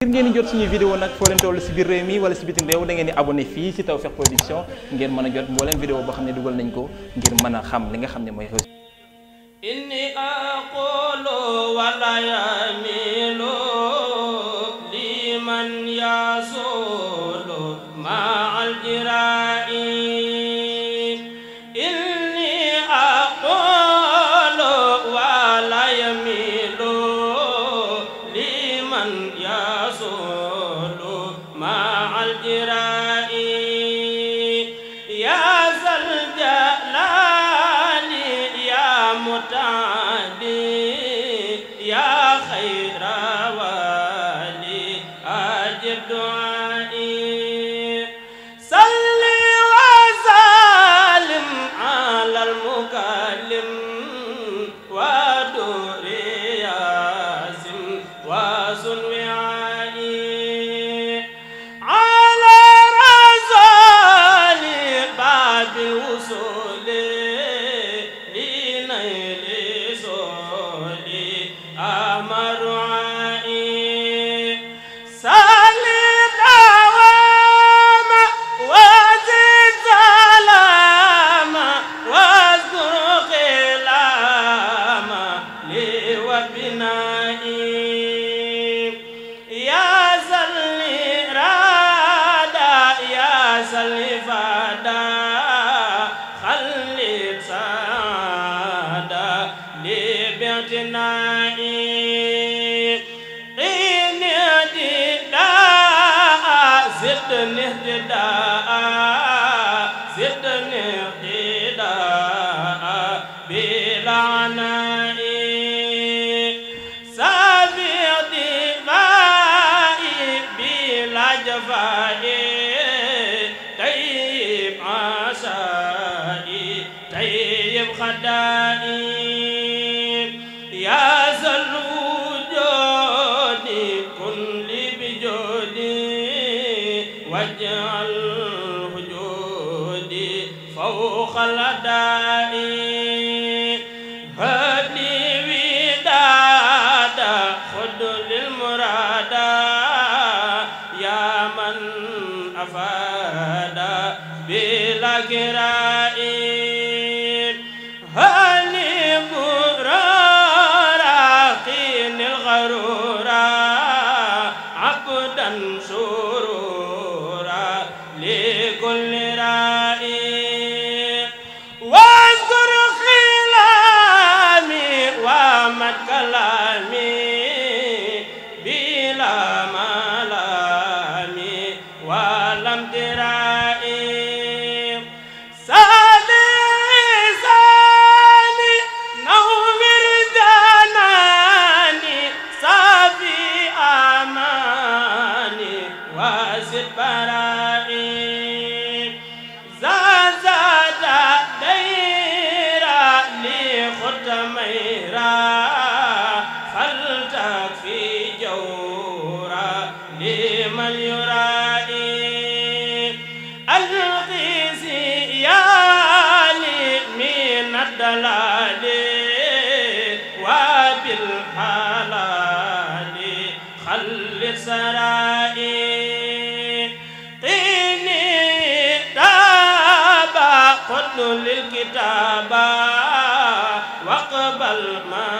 ngir ngeen jot suñuy vidéo nag foo leen toll si biir réew mi wala si bitim réew da ngeen di abonné fii si Tawfekh Production ngeen mën a jot mbooleem vidéo boo xam ne dugal nañ ko ngir mën a xam li nga xam ne mooy xew inni aqulu wala yamilu liman yasulu ma al jira yaa zal jalaali yaa mutaadi ama زدني اهتداء زدني اهتداء بلعنائي سامع دمائي بلا جفائي طيب عشائي طيب خدائي واجعل هجودي فوق الأدائي get out. للكتاب واقبل ما